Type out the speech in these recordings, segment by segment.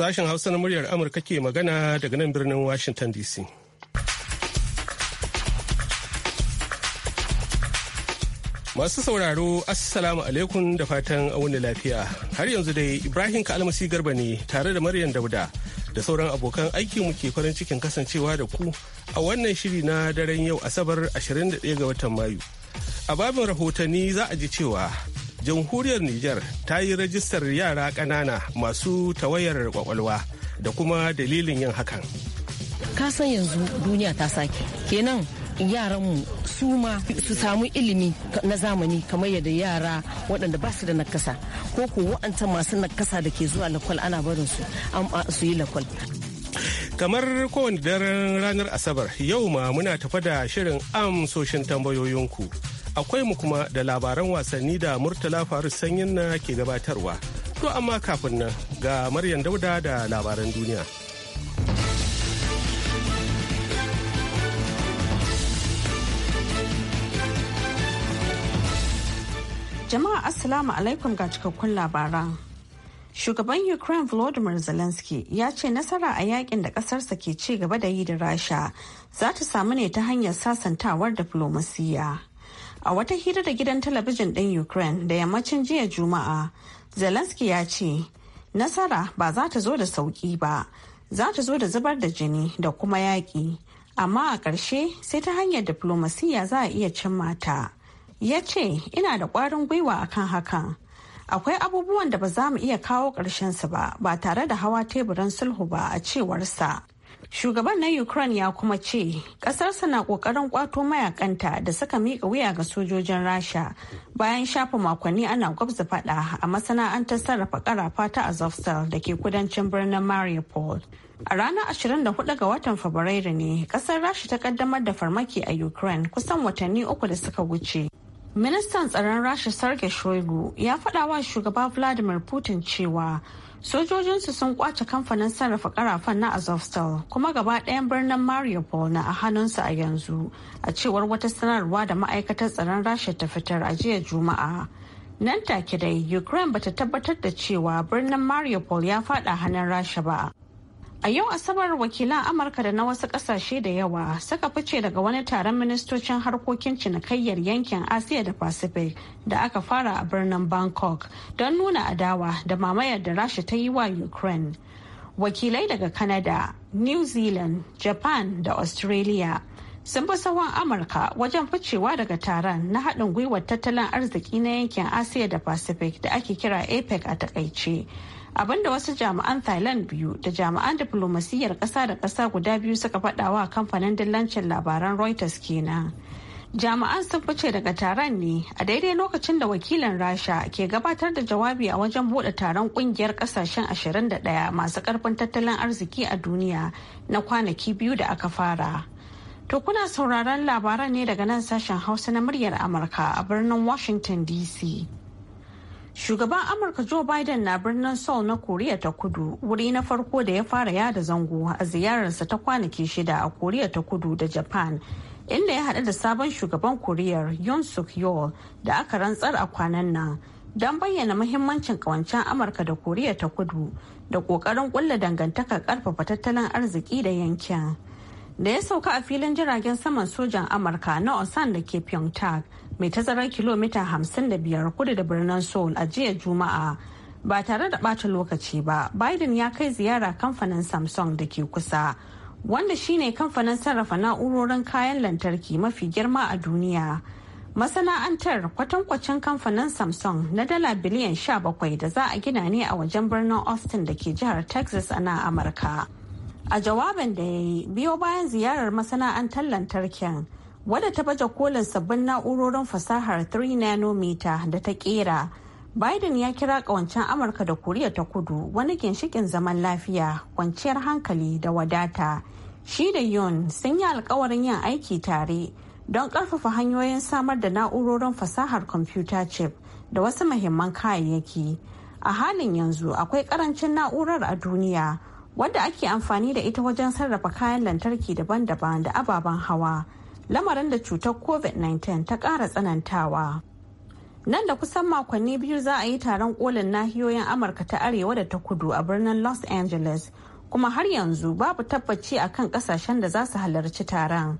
Sashen Hausa na muryar Amurka ke magana daga nan birnin Washington DC. Masu sauraro, Assalamu alaikum da fatan wani lafiya. Har yanzu dai Ibrahim Kalmasi Garba ne tare da Maryam Dauda da sauran abokan aiki muke farin cikin kasancewa da ku a wannan shiri na daren yau Asabar 21 ga watan Mayu. A babin rahotanni za a ji cewa jamhuriyar Nijar ta yi rajistar yara ƙanana masu tawayar kwakwalwa da kuma dalilin yin hakan. Ka san yanzu duniya ta sake. Kenan yaranmu su ma su samu ilimi na zamani kamar yadda yara waɗanda ba su da nakasa ko ko wa'anta masu nakasa da ke zuwa lakwal ana barin su an su yi lakwal. kamar kowane daren ranar asabar yau ma muna tafa da shirin amsoshin tambayoyinku akwai mu kuma da labaran wasanni da murtala faru sanyin na ke gabatarwa to amma kafin nan ga maryam dauda da labaran duniya jama'a assalamu alaikum ga cikakkun labaran shugaban ukraine volodymyr zelensky ya ce nasara a yakin da kasarsa ke ci gaba da yi da rasha za ta samu ne ta hanyar sasantawar diflomasiyya. A wata hira da gidan talabijin ɗin Ukraine da yammacin jiya Juma'a, Zelensky ya ce, Nasara ba za ta zo da sauƙi ba, za ta zo da zubar da jini da kuma yaƙi, amma a ƙarshe sai ta hanyar diflomasiyya za a iya cin mata. Ya ce, ina da ƙwarin gwiwa akan hakan. Akwai abubuwan da ba za mu iya kawo ƙarshensu ba, ba tare da hawa teburin sulhu ba a cewarsa. Shugaban na Ukraine ya kuma ce, ƙasarsa na ƙoƙarin ƙwato mayakanta da suka miƙa wuya ga sojojin Rasha bayan shafa makonni ana gwabza faɗa a masana'antar sarrafa ƙarafata ta Azovstal da ke kudancin birnin Mariupol. A ranar 24 ga watan Fabrairu ne, ƙasar Rasha ta ƙaddamar da farmaki a Ukraine kusan watanni uku da suka wuce. Ministan tsaron Rasha Sergei Shoigu ya faɗa wa shugaba Vladimir Putin cewa Sojojinsu sun kwace kamfanin sarrafa karafan na Azovstal kuma gaba ɗayan birnin Mariupol na a hannunsu a yanzu a cewar wata sanarwa da ma'aikatar tsaron Rasha ta fitar a jiya Juma'a. Nan take dai Ukraine bata tabbatar da cewa birnin Mariupol ya fada hannun Rasha ba. A yau Asabar wakilan Amurka da na wasu kasashe da yawa suka fice daga wani taron ministocin harkokin cinikayyar yankin Asiya da Pacific da aka fara a birnin Bangkok don nuna adawa da mamayar da Rasha ta yi wa Ukraine. Wakilai daga Canada, New Zealand, Japan da Australia sun bi sahun Amurka wajen ficewa daga taron na haɗin gwiwar tattalin arziki na yankin Asiya da Pacific da ake kira APEC a e takaice. abinda wasu jami'an thailand biyu da jami'an diflomasiyyar kasa da kasa guda biyu suka faɗa wa kamfanin dillancin labaran reuters kenan jami'an sun fice daga taron ne a daidai lokacin da wakilin rasha ke gabatar da jawabi a wajen buɗe taron kungiyar kasashen 21 masu karfin tattalin arziki a duniya na kwanaki biyu da aka fara to kuna sauraron labaran ne daga nan sashen hausa na muryar amurka a birnin washington dc Shugaban Amurka Joe Biden na birnin Seoul na Koriya ta Kudu wuri na farko da ya fara yada zango a ziyararsa ta kwanaki shida a Koriya ta Kudu da Japan. Inda ya haɗu da sabon shugaban Koriyar Yoon Suk Yeol da aka rantsar a kwanan nan don bayyana muhimmancin kawancen Amurka da Koriya ta Kudu da ƙoƙarin ƙulla dangantaka ƙarfafa tattalin arziki da yankin. Da ya sauka a filin jiragen saman sojan Amurka na Osan da ke Pyeongtaek. mai tazarar kilomita 55 kudu da birnin Seoul a jiya Juma'a ba tare da ɓata lokaci ba. Biden ya kai ziyara kamfanin Samsung da ke kusa, wanda shine kamfanin sarrafa na'urorin kayan lantarki mafi girma a duniya. Masana'antar kwatankwacin kamfanin Samsung na dala biliyan 17 da za a gina ne a wajen birnin Austin da ke jihar Texas a nan Amurka. A jawabin da ya yi biyo bayan ziyarar masana'antar lantarkin. wadda ta baje kolin sabbin na'urorin fasahar 3 nanometer da ta kera biden ya kira kawancen amurka da koriya ta kudu wani ginshikin zaman lafiya kwanciyar hankali da wadata shi da yun sun yi alkawarin yin aiki tare don karfafa hanyoyin samar da na'urorin fasahar kwamfuta chip da wasu mahimman kayayyaki a halin yanzu akwai karancin na'urar a duniya wadda ake amfani da ita wajen sarrafa kayan lantarki daban-daban da ababen hawa lamarin da cutar covid-19 ta ƙara tsanantawa nan da kusan makonni biyu za a yi taron kolin nahiyoyin amurka ta arewa da ta kudu a birnin los angeles kuma har yanzu babu tabbaci a kan kasashen da za su halarci taron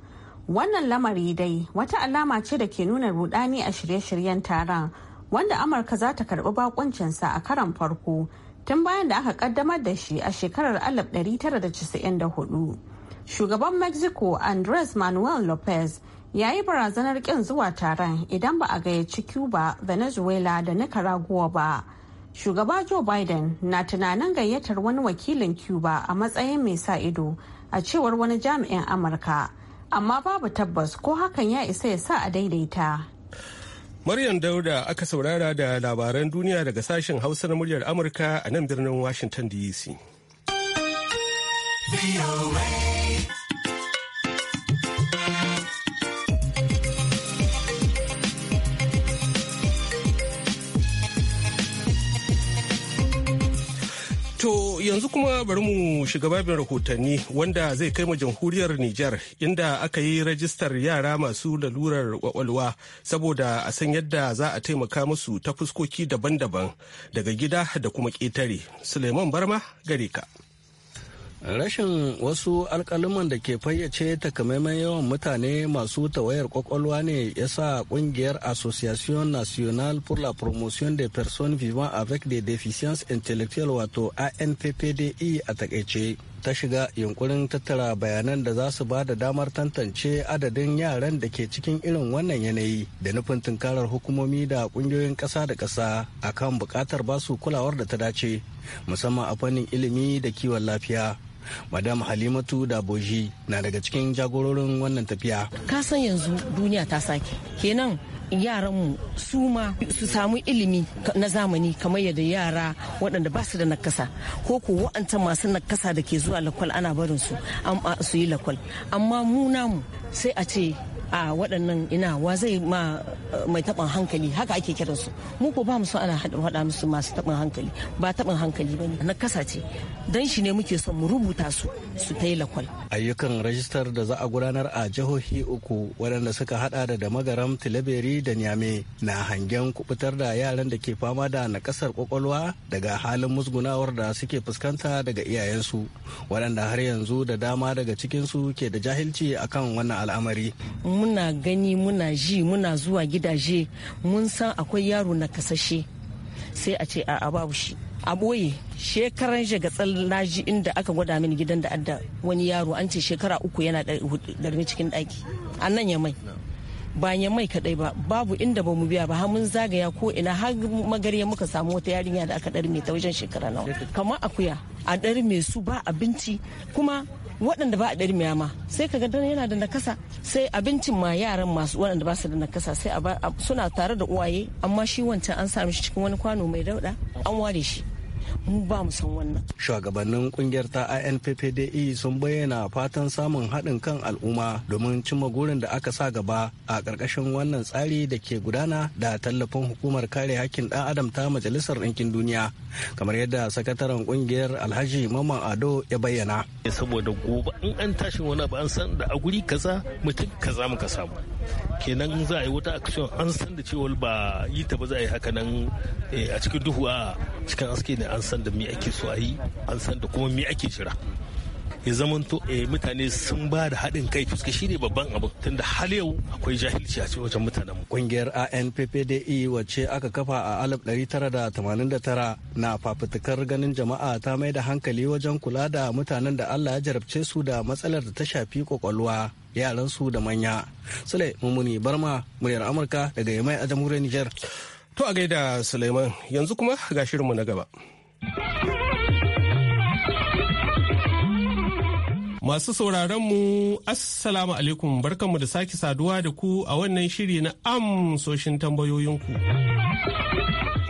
wannan lamari dai wata alama ce da ke nuna rudani a shirye-shiryen taron wanda amurka za ta karbi bakuncinsa a karan farko tun bayan da aka kaddamar da shi a shekarar 1994 shugaban mexico andres manuel lopez ya yi barazanar kin zuwa taron idan ba a gayyaci cuba venezuela da nicaragua ba shugaba joe biden na tunanin gayyatar wani wakilin cuba a matsayin mai sa ido a cewar wani jami'in amurka amma babu tabbas ko hakan ya isa ya sa a daidaita Maryam Dauda aka saurara da labaran duniya daga sashen Hausa na muryar Amurka a nan birnin Washington DC. yanzu kuma bari mu shiga babin rahotanni wanda zai kai mu jamhuriyar Nijar inda aka yi rajistar yara masu lalurar kwakwalwa saboda a san yadda za a taimaka musu ta fuskoki daban-daban daga gida da kuma ƙetare. Suleiman Barma gare ka. Rashin wasu alkaliman da ke fayyace takamaiman yawan mutane masu tawayar kwakwalwa ne ya sa kungiyar Association National pour la Promotion des Personnes Vivant avec des Déficiences Intellectuelles wato ANPPDE a takaice. ta shiga yunkurin tattara bayanan da za su ba da damar tantance adadin yaran da ke cikin irin wannan yanayi da nufin tunkarar hukumomi da kungiyoyin ƙasa da ƙasa akan buƙatar basu kulawar da ta dace musamman a fannin ilimi da kiwon lafiya madam halimatu da boji na daga cikin jagororin wannan tafiya ka san yanzu duniya ta sake kenan yaran mu su ma su samu ilimi na zamani kamar yadda yara waɗanda ba su da nakasa ko ko wa'anta masu nakasa da ke zuwa lakwal ana barin su an su yi lakwal amma mu namu sai a ce a waɗannan inawa zai ma eh, mai taɓin hankali haka ake kiransu mu ko ba mu so ana haɗa musu masu taɓin hankali ba taɓin hankali ba ne na kasa ce dan shi ne muke son mu rubuta su su ta yi lakwal. ayyukan rajistar da za a gudanar a jihohi uku waɗanda suka haɗa da damagaram tilaberi da nyame na hangen kubutar da yaran da ke fama da nakasar kwakwalwa daga halin musgunawar da suke fuskanta daga iyayensu waɗanda har yanzu da dama daga cikinsu ke da jahilci akan wannan al'amari. muna gani muna ji muna zuwa gidaje mun san akwai yaro na kasashe sai a ce a babu shi a ɓoye shekaran shagatsal tsallaji inda aka gwada mini gidan da adda wani yaro an ce shekara uku yana darmi cikin ɗaki a nan ya mai ba ya mai kadai ba babu inda ba mu biya ba mun zagaya ko ina har magarya muka samu wata yarinya da aka ɗarme ta wajen shekara nawa kamar akuya a ɗarme su ba abinci kuma waɗanda ba a ɗarmiya ma sai ka dan yana da nakasa sai abincin ma yaran masu waɗanda ba su da nakasa sai suna tare da uwaye amma shi wancan an sami shi cikin wani kwano mai dauɗa an ware shi mu ba mu san wannan shugabannin kungiyar ta INPPDE sun bayyana fatan samun haɗin kan al'umma domin cimma gurin da aka sa gaba a ƙarƙashin wannan tsari da ke gudana da tallafin hukumar kare hakkin ɗan adam ta majalisar ɗinkin duniya kamar yadda sakataren kungiyar alhaji maman ado ya bayyana saboda gobe in an tashi wani abu an san da a guri kaza mutum kaza muka samu kenan za a yi wata action an san da cewa ba yi ta ba za a yi haka nan eh, a cikin duhu a cikin aski ne an san da mi ake so a yi an san da kuma me ake jira ya zamanto eh, mutane sun ba da haɗin kai fuska ne babban abu da hal yau akwai jahilci a cikin wajen mutanen mu kungiyar ANPPDE wacce aka kafa a 1989 na fafutukar ganin jama'a ta mai da hankali wajen kula da mutanen da Allah ya jarabce su da matsalar da ta shafi kwakwalwa yaransu da manya sule mummuni barma muryar amurka daga yamai a jamhuriyar niger to a gaida suleiman yanzu kuma ga shirinmu na gaba Masu mu Assalamu alaikum barkanmu da sake saduwa da ku a wannan shiri na amsoshin tambayoyinku.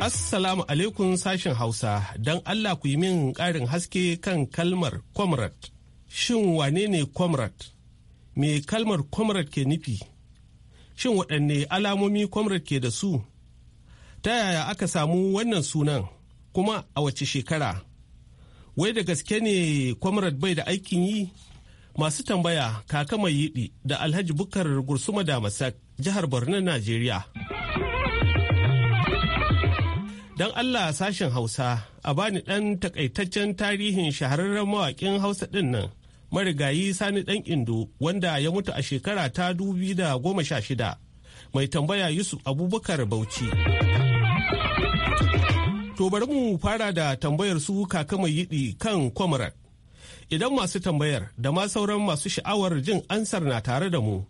Assalamu alaikum sashin Hausa, don Allah ku yi min ƙarin haske kan kalmar comrade. Shin wane ne comrade? Me kalmar comrade ke nufi? Shin waɗanne alamomi comrade ke da su? Ta yaya aka samu wannan sunan kuma a wace shekara? wai da gaske ne comrade bai da aikin yi masu tambaya kaka mai yiɗi da alhaji bukar gursuma da masak jihar borno najeriya don allah sashen hausa a bani ɗan takaitaccen tarihin shahararren mawaƙin hausa din nan marigayi sani dan indo wanda ya mutu a shekara ta goma sha shida, mai tambaya yusuf abubakar bauchi to bari mu fara da tambayar su kaka mai yiɗi kan comrade Idan masu tambayar da ma sauran masu sha'awar jin ansar na tare da mu,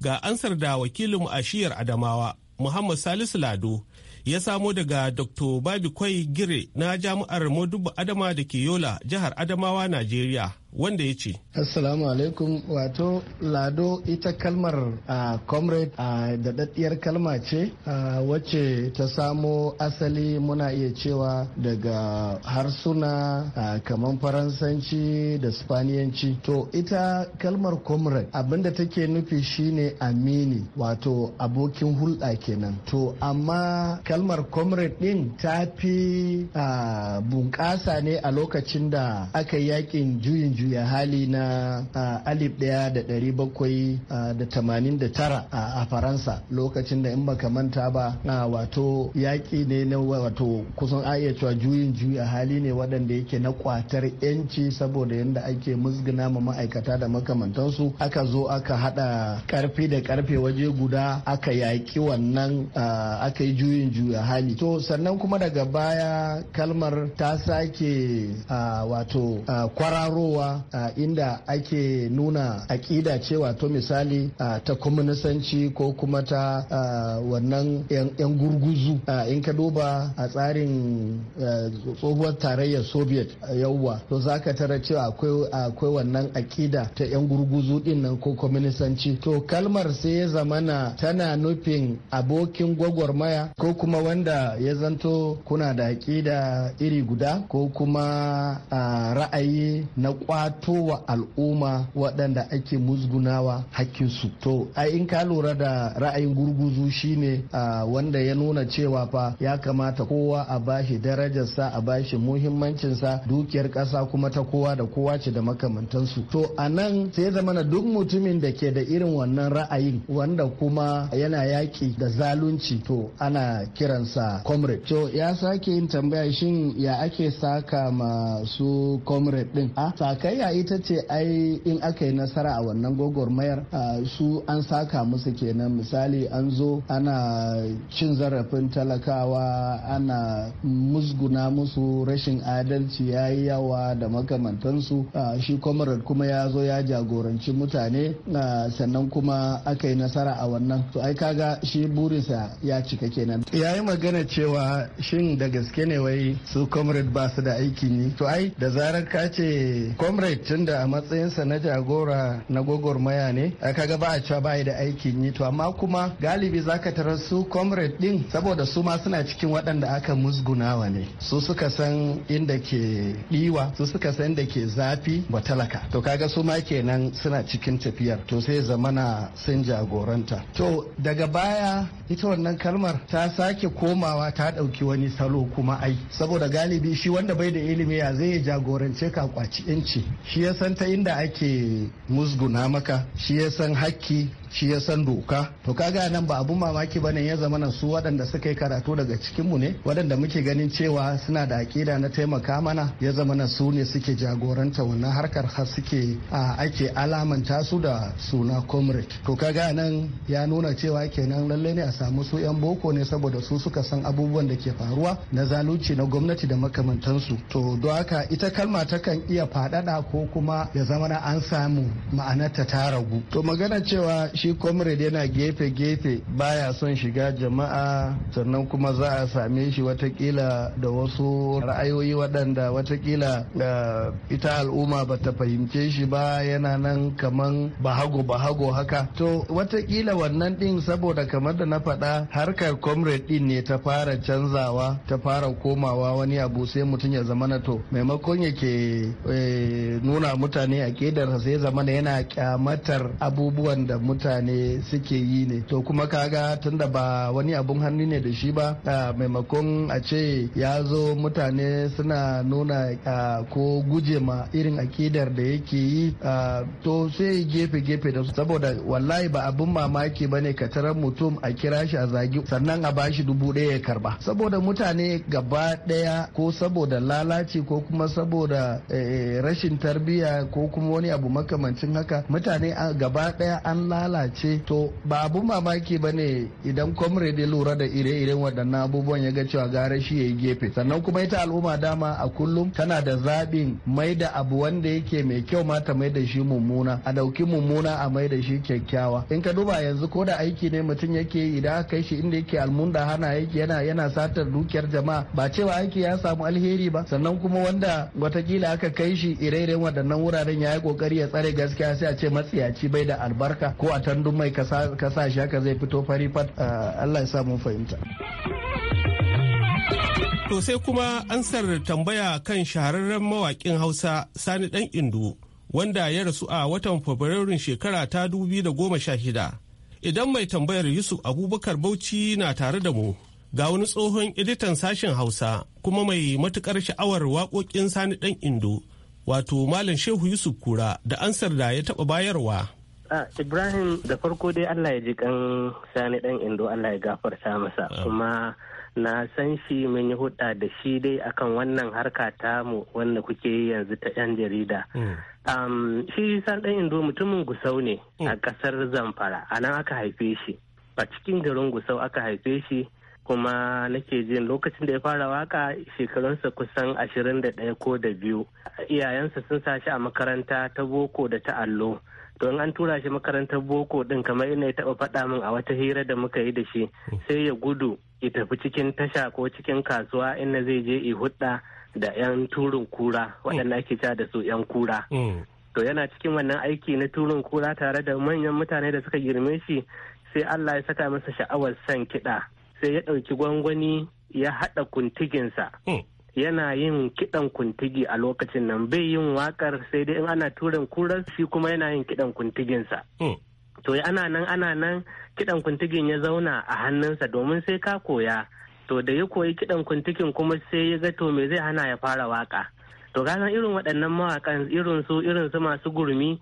ga ansar da wakilin ashiyar Adamawa, Muhammad Salisu Lado, ya samo daga Dr. Babikwai Gire na Jami'ar Modubu Adama da ke Yola, jihar Adamawa, Najeriya. wanda ya ce assalamu alaikum wato lado ita kalmar a comrade a daɗaɗɗiyar kalma ce wacce ta samo asali muna iya cewa daga harsuna kamar faransanci da spaniyanci to ita kalmar comrade abinda take nufi shine amini wato abokin hulɗa kenan to amma kalmar comrade din ta fi bunƙasa ne a lokacin da aka yakin juyin juyin juya hali na alif daya da dari bakwai da tamanin da tara a faransa lokacin da in baka manta ba wato yaƙi ne na wato kusan a juyin juya hali ne waɗanda yake na kwatar yanci saboda yadda ake musgina ma ma'aikata da makamantansu aka zo aka haɗa ƙarfi da karfe waje guda aka yaƙi wannan aka yi juyin juya hali to sannan kuma daga baya kalmar ta sake wato kwararowa a inda ake nuna aƙida cewa to misali ta kwaminisanci ko kuma ta wannan 'yan gurguzu in ka duba a tsarin tsohuwar tarayyar soviet yauwa to za ka tara cewa akwai wannan aƙida ta 'yan gurguzu din nan ko kwaminisanci to kalmar sai ya zamana tana nufin abokin gwagwarmaya ko kuma wanda ya zanto kuna da aƙida iri guda ko kuma ra'ayi na kwa kwato wa al'umma waɗanda ake musgunawa hakkinsu to in ka lura da ra'ayin gurguzu shine wanda ya nuna cewa fa ya kamata kowa a bashi darajarsa a bashi muhimmancinsa dukiyar ƙasa kuma ta kowa da kowa ce da makamantansu to a nan sai zamana duk mutumin da ke da irin wannan ra'ayin wanda kuma yana yaƙi da zalunci to ana kiransa comrade to ya sake yin tambaya shin ya ake saka masu comrade din a sakayya ita ce ai in aka yi nasara a wannan gwagwarmayar su an saka musu kenan misali an zo ana cin zarafin talakawa ana musguna musu rashin adalci ya yi yawa da makamantansu shi comrade kuma ya zo ya jagoranci mutane sannan kuma aka yi nasara a wannan to ai kaga shi burinsa ya cika kenan ya yi magana cewa shin da gaske ne wai su comrade ba su da aiki ne to ai da zarar ka ce comrade tunda a matsayinsa na jagora na maya ne kaga ba a cewa ba da aikin yi to amma kuma galibi zaka tarar su comrade din saboda su ma suna cikin waɗanda aka musgunawa ne su suka san inda ke ɗiwa su suka san inda ke zafi ba talaka to kaga su ma kenan suna cikin tafiyar to sai zamana sun jagoranta to daga baya ita wannan kalmar ta sake komawa ta ɗauki wani salo kuma ai saboda galibi shi wanda bai da ilimi ya zai jagorance ka kwaci yanci shi ya san ta inda ake musguna maka shi ya san hakki shi ya san doka to kaga nan ba abun mamaki bane ya zama na su waɗanda suka yi karatu daga cikin mu ne waɗanda muke ganin cewa suna da aƙida na taimaka mana ya zama na su ne suke jagoranta wannan harkar har suke ake alamanta su da suna comrade to kaga nan ya nuna cewa kenan lalle ne a samu su yan boko ne saboda su suka san abubuwan da ke faruwa na zalunci na gwamnati da makamantansu to don haka ita kalma takan iya faɗaɗa ko kuma ya zama na an samu ma'anarta ta ragu to magana cewa shi comrade yana gefe-gefe baya son shiga jama'a sannan kuma za a same shi watakila da wasu ra'ayoyi waɗanda watakila ita al'umma ba ta fahimce shi ba yana nan kamar bahago bahago haka to watakila wannan ɗin saboda kamar da na faɗa harkar comrade ɗin ne ta fara canzawa ta fara komawa wani abu sai mutum ya zama na to maimakon yake eh, nuna mutane a sai ya zama yana kyamatar abubuwan da mutane mutane suke yi ne to kuma kaga tunda ba wani abun hannu ne da shi ba maimakon a ce ya zo mutane suna nuna ko guje ma irin akidar da yake yi to sai gefe-gefe da su saboda wallahi ba abun mamaki ba ne ka tarar mutum a kira shi a zagi sannan a bashi dubu ɗaya ya karba saboda mutane gaba ɗaya ko saboda lalaci ko kuma saboda e, e, rashin tarbiyya ko kuma wani abu makamancin haka mutane gaba ɗaya an lalace ce to ba abun mamaki ba ne idan comrade ya lura da ire-iren waɗannan abubuwan ya ga cewa gara shi ya yi gefe sannan kuma ita al'umma dama a kullum tana da zaɓin mai da abu wanda yake mai kyau ma ta mai da shi mummuna a ɗauki mummuna a mai da shi kyakkyawa in ka duba yanzu ko da aiki ne mutum yake idan aka kai shi inda yake almunda hana aiki yana yana satar dukiyar jama'a ba cewa aiki ya samu alheri ba sannan kuma wanda watakila aka kai shi ire-iren waɗannan wuraren ya yi ƙoƙari ya tsare gaskiya sai a ce matsiyaci bai da albarka ko a duk mai kasa shi haka zai fito fari fat ah, Allah ya sa mun fahimta. To sai kuma ansar tambaya kan shahararren mawaƙin Hausa Sani Ɗan Indu wanda ya rasu a watan Fabrairun shekara ta shida Idan mai tambayar Yusuf Abubakar Bauchi na tare da mu ga wani tsohon editan sashen Hausa kuma mai matukar sha'awar waƙoƙin Sani Ɗan Indu wato Malam Shehu Yusuf Kura da ansar da ya taɓa bayarwa. Ibrahim da farko dai Allah ya ji kan sani dan indo Allah ya gafarta masa kuma na san shi mun yi hudda da shi dai akan wannan harka ta mu wanda kuke yi yanzu ta yan jarida. Mm. shi san dan indo mutumin gusau ne mm. a kasar Zamfara a nan aka haife shi a cikin garin gusau aka haife shi kuma nake jin lokacin da ya fara waka shekarunsa kusan ashirin da ɗaya ko da biyu iyayensa sun sa shi a makaranta ta boko da ta allo don an tura shi makarantar boko din kamar ina ya taba faɗa min a wata hira da muka yi da shi sai ya gudu ya tafi cikin tasha ko cikin kasuwa inda zai je i hudda da yan turun kura waɗanda ake cewa da su yan kura mm. Mm. to yana cikin wannan aiki na turin kura tare da manyan mutane da suka girme shi sai Allah ya saka masa sha'awar san kiɗa sai ya ɗauki gwangwani ya haɗa kuntiginsa mm. yana yin kiɗan kuntigi a lokacin nan bai yin wakar sai dai in ana turin kurar shi kuma yana yin kiɗan kuntiginsa. Hmm. To ana nan ana nan kiɗan kuntigin ya zauna a hannunsa domin sai ka koya. To da ya koyi kiɗan kuntigin kuma sai ya ga to me zai hana ya fara waka. To kasan irin waɗannan mawakan irin su irin su masu gurmi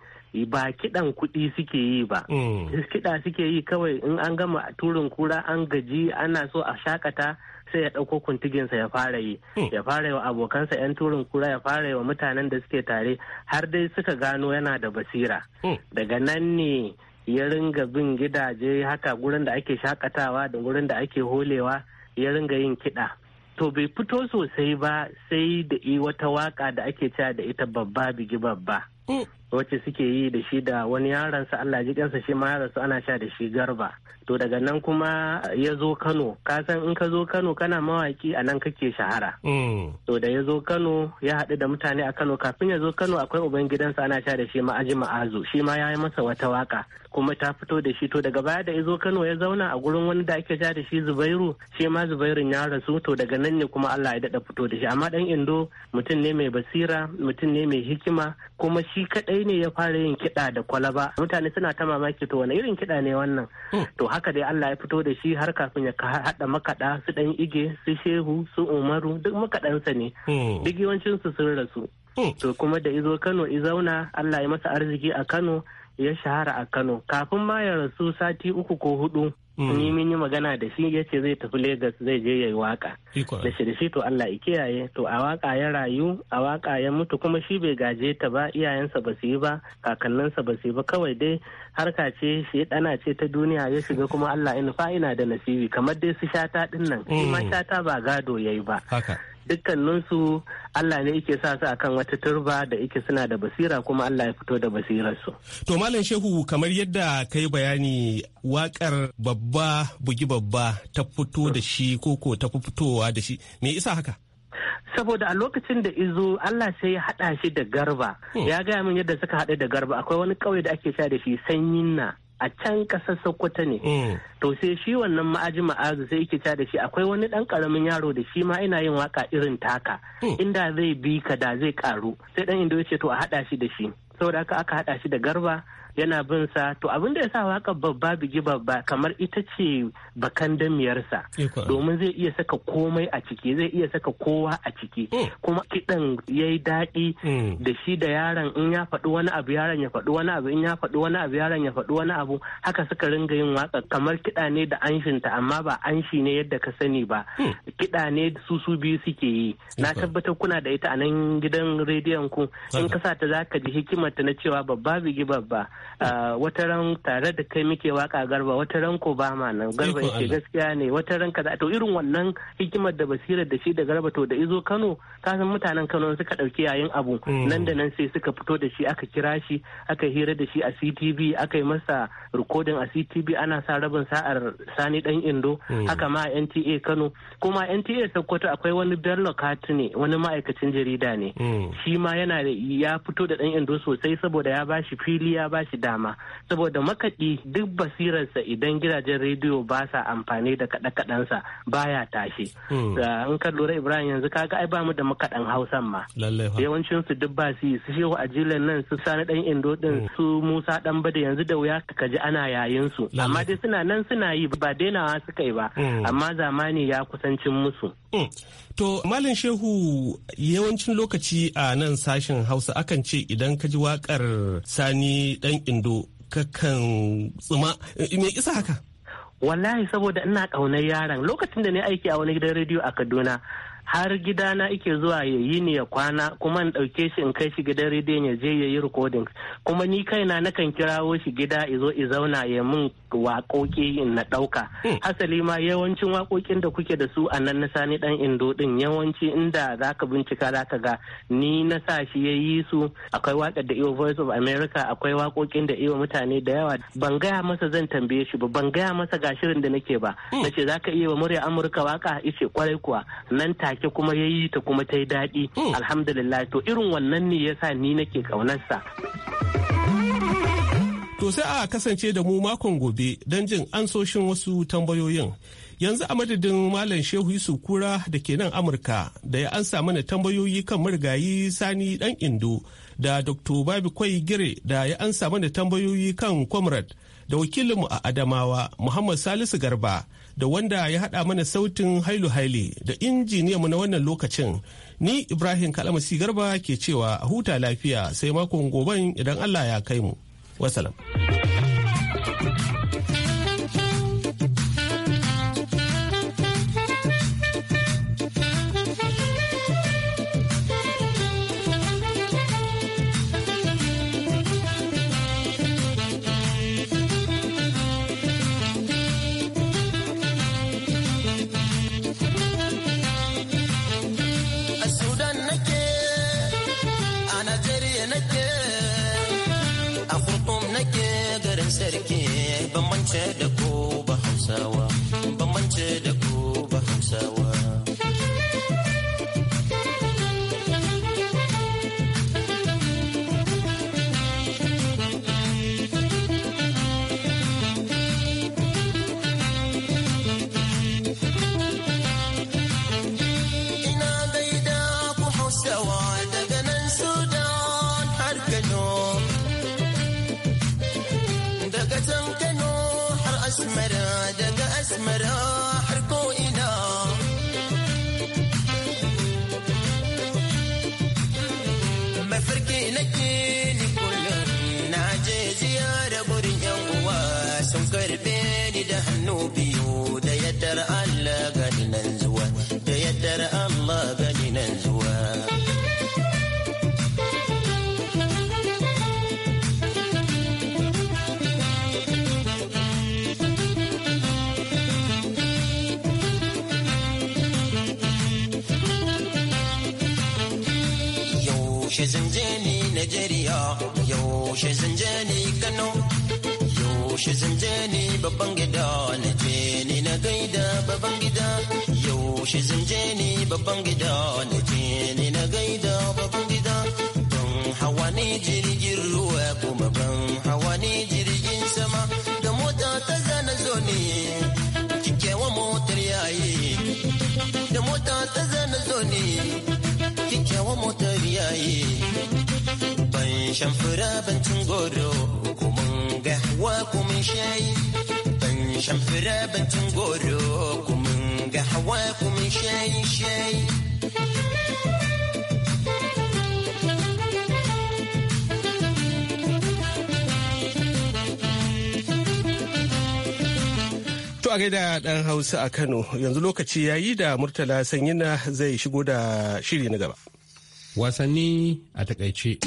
ba kiɗan kuɗi suke yi ba. Hmm. Kiɗa suke yi kawai in an gama turin kura an gaji ana so a shakata sai ya ɗauko kuntiginsa ya fara yi hmm. ya fara yi wa abokansa 'yan turin kura ya fara yi wa mutanen da suke tare har dai suka gano yana da basira hmm. daga nan ne ya ringa bin gidaje haka gurin da ake shakatawa da gurin da ake holewa ya ringa yin kiɗa to bai fito sosai ba sai da wata waka da ake cewa da ita babba bigi babba hmm. wacce suke yi da shi da wani yaransa Allah ji kansa shi ma su ana sha da shi garba to daga nan kuma ya zo Kano ka san in ka zo Kano kana mawaki a nan kake shahara mm. to da ya zo Kano ya haɗu da mutane a Kano kafin ya zo Kano akwai uban gidansa ana sha da shi ma aji ma'azu shi ma ya masa wata waka kuma ta fito da shi to daga baya da ya zo Kano ya zauna a gurin wani da ake sha da shi Zubairu shi ma Zubairun ya rasu to daga nan ne kuma Allah ya daɗa fito da shi amma dan Indo mutum ne mai basira mutum ne mai hikima kuma shi kaɗai ne ya fara yin kiɗa da kwalaba mutane suna ta mamaki to wani irin kiɗa ne wannan hmm. to haka dai Allah ya fito da shi har kafin ya haɗa makaɗa su ɗan ige su shehu su umaru duk makaɗansa ne hmm. duk yawancin su sun rasu hmm. to kuma da izo Kano izauna Allah ya masa arziki a Kano ya shahara a Kano kafin ma ya rasu sati uku ko hudu Mm. ni mun yi magana da shi ya ce zai tafi Legas zai je ya yi waka. Da shi to Allah i kiyaye to a waka ya rayu a waka ya mutu kuma shi bai gaje ta ba iyayensa ba su yi ba kakanninsa ba su yi ba kawai dai harka ce shi dana ce ta duniya ya shiga kuma Allah in fa'ina da nasibi kamar dai su shata din nan. Shi ma mm. shata ba gado ya yi ba. dukkaninsu Allah ne yake sa su akan wata turba da yake suna da basira kuma Allah ya fito da basirar su To Malam Shehu kamar yadda ka yi bayani wakar babba bugi babba ta fito da shi koko ta fitowa da shi me isa haka? saboda a lokacin da izo Allah sai ya haɗa shi da garba hmm. ya gaya min yadda suka haɗu da garba akwai wani ƙauye da ake sha da shi sanyin na a can kasar sokoto ne mm. to sai shi wannan ma'aji ma'azu sai yake da shi akwai wani ɗan karamin yaro da shi ma ina yin waka irin taka mm. inda zai bi ka da zai karu sai ɗan indo ya ce to a haɗa shi da shi saboda haka aka haɗa shi da garba yana bin sa to abin da ya sa waka babba bigi babba kamar ita ce bakan damiyarsa eh, domin zai iya saka komai a ciki zai iya saka kowa a ciki oh. kuma kidan ya yi daɗi hmm. da shi da yaron in ya faɗi wani abu yaron ya faɗi wani abu in ya faɗi wani abu yaron ya faɗi wani abu haka suka ringa yin waka kamar kiɗa ne da anshinta amma ba anshi ne yadda ka sani ba hmm. kiɗa ne su su biyu suke yi eh, na tabbatar kuna da ita a nan gidan rediyon ku in ka sa ta za ka ji hikimarta na cewa babba bigi babba Ah, wata ran tare da kai muke waka garba wata ran ko ba ma nan garba yake gaskiya ne wata ran kaza to irin wannan hikimar da basirar da shi da garba to da izo Kano ka san mutanen Kano suka dauki yayin abu mm. nan da nan sai suka fito da shi aka kira shi aka hira da shi a CTV aka yi masa rikodin a CTV ana sa rabin sa'ar Sani dan Indo mm. haka ma NTA Kano kuma NTA Sokoto akwai wani Bello ne wani ma'aikacin jarida ne mm. shi ma yana ya fito da dan Indo sosai saboda ya bashi fili ya bashi shi dama saboda makaɗi duk basirarsa idan gidajen rediyo ba sa amfani da kaɗe-kaɗensa baya tashi hmm. in ka lura ibrahim yanzu kaga ai ba mu da makaɗan hausan ma yawancin su duk ba su su shehu ajilan nan su sani ɗan indo ɗin hmm. su musa ɗan bada yanzu da wuya ka ji ana yayin su amma dai suna nan suna yi ba dainawa suka yi ba hmm. amma zamani ya kusancin musu Mm. To Malin Shehu yawancin lokaci a nan sashen Hausa akan ce idan ka ji waƙar Sani ɗan Indo kakan tsuma eh, me isa haka? Wallahi saboda ina ƙaunar yaron lokacin da ne aiki a wani gidan rediyo a Kaduna har gidana ike zuwa ya yi ni ya kwana kuma in ɗauke shi in kai shi gidan rediyon ya je ya yi recording kuma ni kaina nakan kirawo shi gida izo i zauna ya mun waƙoƙi in na ɗauka hmm. hasali ma yawancin waƙoƙin da kuke da su a nan na sani ɗan indo ɗin yawanci inda za ka bincika za ka ga ni na sa shi ya yi su akwai waƙar da iyo voice of america akwai waƙoƙin da iyo mutane da yawa ban gaya masa zan tambaye shi ba ban gaya masa ga shirin da nake ba hmm. nace za ka iya wa murya amurka waƙa ice kwarai kuwa nan ta take kuma ya yi ta kuma ta yi daɗi hmm. alhamdulillah to irin wannan ne yasa ni nake ƙaunarsa. To sai a kasance da mu makon gobe don jin ansoshin wasu tambayoyin. Yanzu a madadin Malam Shehu Yusuf Kura da ke nan Amurka da ya ansa mana tambayoyi kan marigayi Sani Dan Indo da Dr. Babi Kwai Gire da ya ansa mana tambayoyi kan Comrade da wakilinmu a Adamawa Muhammad Salisu Garba da wanda ya haɗa mana sautin hailu haile da injiniyanmu na wannan lokacin ni ibrahim kalamasi garba ke cewa huta lafiya sai makon goben idan allah ya kai mu wasalam. asmara daga asmara har ko ina mafarki nake ni kullum na je da gurin yan uwa sun karbe ni da hannu biyu da yaddar Allah ga zuwa da yaddar Allah yaushe zan je ni Kano yaushe zan je ni babban gida na je ni na gaida babban gida yaushe zan je ni babban gida na je ni na gaida babban gida don hawa ne jirgin ruwa kuma ban hawa ne jirgin sama da mota ta zana zo ne kikewa motar yayi da mota ta zana zo ne kikewa motar yayi shan fura ban cin goro ko mun ga hawa ko mun shayi ban shan fura ban cin goro ko mun ga hawa ko mun shayi shayi To a gaida ɗan Hausa a Kano yanzu lokaci ya yi da Murtala Sanyina zai shigo da shiri na gaba. Wasanni a takaice.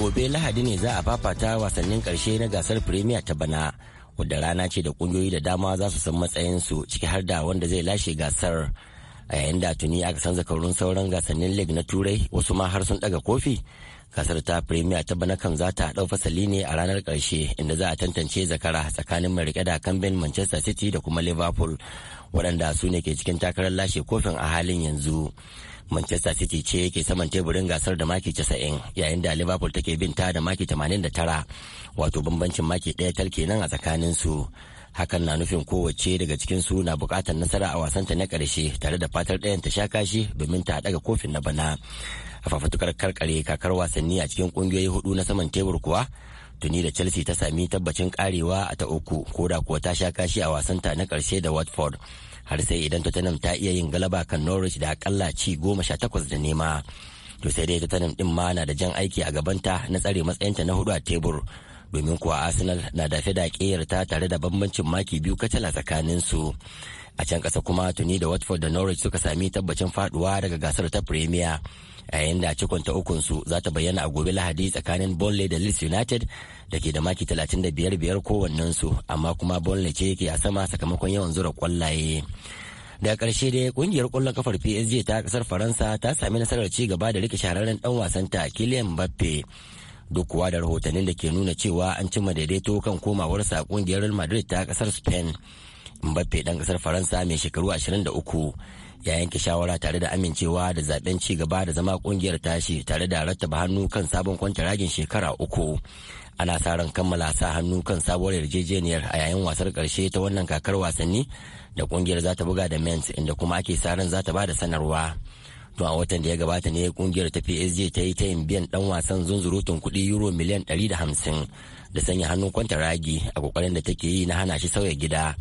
gobe lahadi ne za a fafata wasannin karshe na gasar premier ta bana wadda rana ce da kungiyoyi da dama za su san matsayinsu ciki har da wanda zai lashe gasar a yayin da tuni aka san zakarun sauran gasannin leg na turai wasu ma har sun daga kofi gasar ta premier ta bana kan za ta dau fasali ne a ranar karshe inda za a tantance zakara tsakanin mai rike da kamben manchester city da kuma liverpool waɗanda su ne ke cikin takarar lashe kofin a halin yanzu manchester city ce yake saman teburin gasar da maki 90 yayin da liverpool take bin ta da maki 89 wato bambancin maki ɗaya tal kenan a tsakanin su hakan na nufin kowace daga cikin su na bukatar nasara a wasanta na ƙarshe tare da fatar ɗayan ta sha kashi domin ta daga kofin na bana a fafatukar karkare kakar wasanni a cikin ƙungiyoyi hudu na saman tebur kuwa tuni da chelsea ta sami tabbacin karewa a ta uku ko da kuwa ta sha kashi a wasanta na ƙarshe da watford har sai idan tottenham ta iya yin galaba kan norwich da akalla ci goma sha takwas da nema to sai dai tottenham din ma na da jan aiki a gabanta na tsare matsayinta na hudu a tebur domin kuwa arsenal na da fida ta tare da bambancin maki biyu kacala tsakaninsu su a can ƙasa kuma tuni da watford da norwich suka sami tabbacin faduwa daga gasar ta premier yayin da cikon ukun ukunsu za ta bayyana a gobe lahadi tsakanin burnley da leeds united da ke da maki 35 kowannensu amma kuma burnley ce yake a sama sakamakon yawan zura kwallaye daga ƙarshe dai kungiyar ƙwallon kafar psg ta ƙasar faransa ta sami nasarar ci gaba da rike shahararren dan wasanta kylian mbappe duk kuwa da rahotannin da ke nuna cewa an cimma daidaito kan komawarsa ƙungiyar real madrid ta ƙasar spain Mbappe dan kasar Faransa mai shekaru 23 ya yanke shawara tare da amincewa da zaben ci gaba da zama kungiyar tashi tare da rattaba hannu kan sabon kwantaragin shekara uku. Ana sa ran kammala sa hannu kan sabuwar yarjejeniyar a yayin wasar karshe ta wannan kakar wasanni da kungiyar za ta buga da Mens inda kuma ake sa ran za ta ba da sanarwa. tun a watan da ya gabata ne kungiyar ta PSG ta yi ta yin biyan dan wasan zunzurutun kuɗi euro miliyan 150 da sanya hannun kwanta ragi a kokarin da take yi na hana shi sauya gida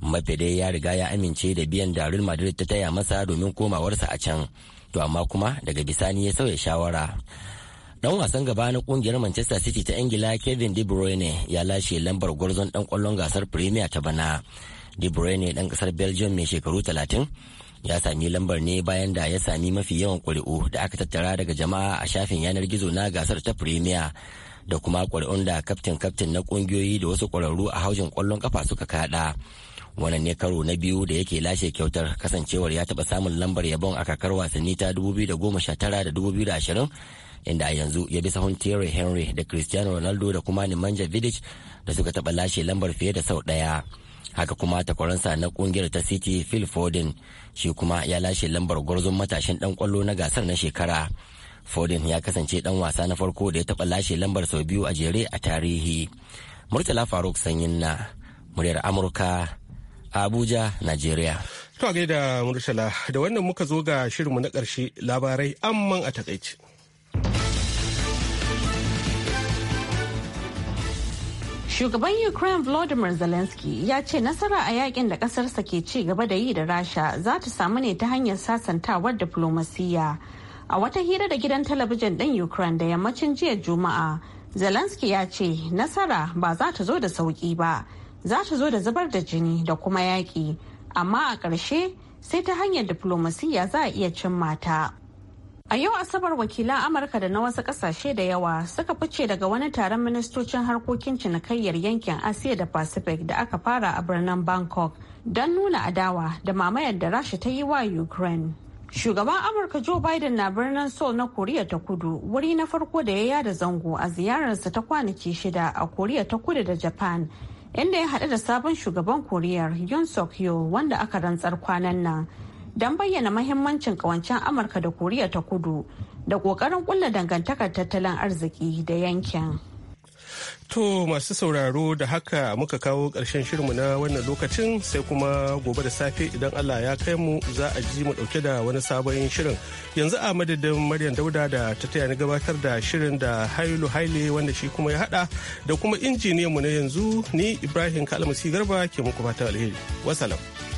mafede ya riga ya amince da biyan da real madrid ta taya masa domin komawarsa a can to amma kuma daga bisani ya sauya shawara dan wasan gaba na kungiyar manchester city ta ingila kevin de bruyne ya lashe lambar gwarzon dan kwallon gasar premier ta bana de bruyne dan kasar belgium mai shekaru 30 ya sami lambar ne bayan da ya sami mafi yawan ƙuri'u da aka tattara daga jama'a a shafin yanar gizo na gasar ta premier da kuma ƙuri'un da kaftin kaftin na ƙungiyoyi da wasu ƙwararru a haujin kwallon kafa suka kada wannan ne karo na biyu da yake lashe kyautar kasancewar ya taɓa samun lambar yabon a kakar wasanni ta 2019 da 2020 inda a yanzu ya bi sahun Thierry Henry da Cristiano Ronaldo da kuma Nemanja Vidic da suka taɓa lashe lambar fiye da sau ɗaya. Haka kuma takwaransa na kungiyar ta City Phil Foden shi kuma ya lashe lambar gwarzon matashin ɗan kwallo na gasar na shekara. Foden ya kasance ɗan wasa na farko da ya taɓa lashe lambar sau biyu a jere a tarihi. Murtala Faruk Sanyin na muryar Amurka Abuja, Najeriya. To a gaida Murtala, da wannan muka zo ga shirinmu na ƙarshe labarai amman a taƙaice. Shugaban Ukraine Vladimir Zelensky ya ce nasara a yakin da ƙasarsa ke ci gaba da yi da Rasha za ta samu ne ta hanyar sasantawar diplomasiya A wata hira da gidan talabijin ɗin Ukraine da yammacin jiya Juma'a, Zelensky ya ce nasara ba za ta zo da sauƙi ba. za ta zo da zubar da jini da kuma yaƙi amma a ƙarshe sai ta hanyar diflomasiyya za a iya cin mata. A yau Asabar wakilan Amurka da na wasu ƙasashe da yawa suka fice daga wani taron ministocin harkokin cinikayyar yankin Asiya da Pacific da aka fara a birnin Bangkok don nuna adawa da mamayar da Rasha ta yi wa Ukraine. Shugaban Amurka Joe Biden na birnin Seoul na Koriya ta Kudu wuri na farko da ya yada zango a ziyararsa ta kwanaki shida a Koriya ta Kudu da Japan inda ya haɗu da sabon shugaban koriyar yun suk wanda aka rantsar kwanan nan don bayyana mahimmancin kawancen amurka da koriya ta kudu da ƙoƙarin kulla dangantakar tattalin arziki da yankin To masu sauraro da haka muka kawo ƙarshen shirinmu na wannan lokacin sai kuma gobe da safe idan Allah ya kai mu za a ji mu ɗauke da wani sabon shirin. Yanzu a madadin Maryam Dauda da ta taya ni gabatar da shirin da Hailu Haile wanda shi kuma ya haɗa da kuma injiniyanmu na yanzu ni Ibrahim Kalmasi Garba ke muku fatan alheri. Wasalam.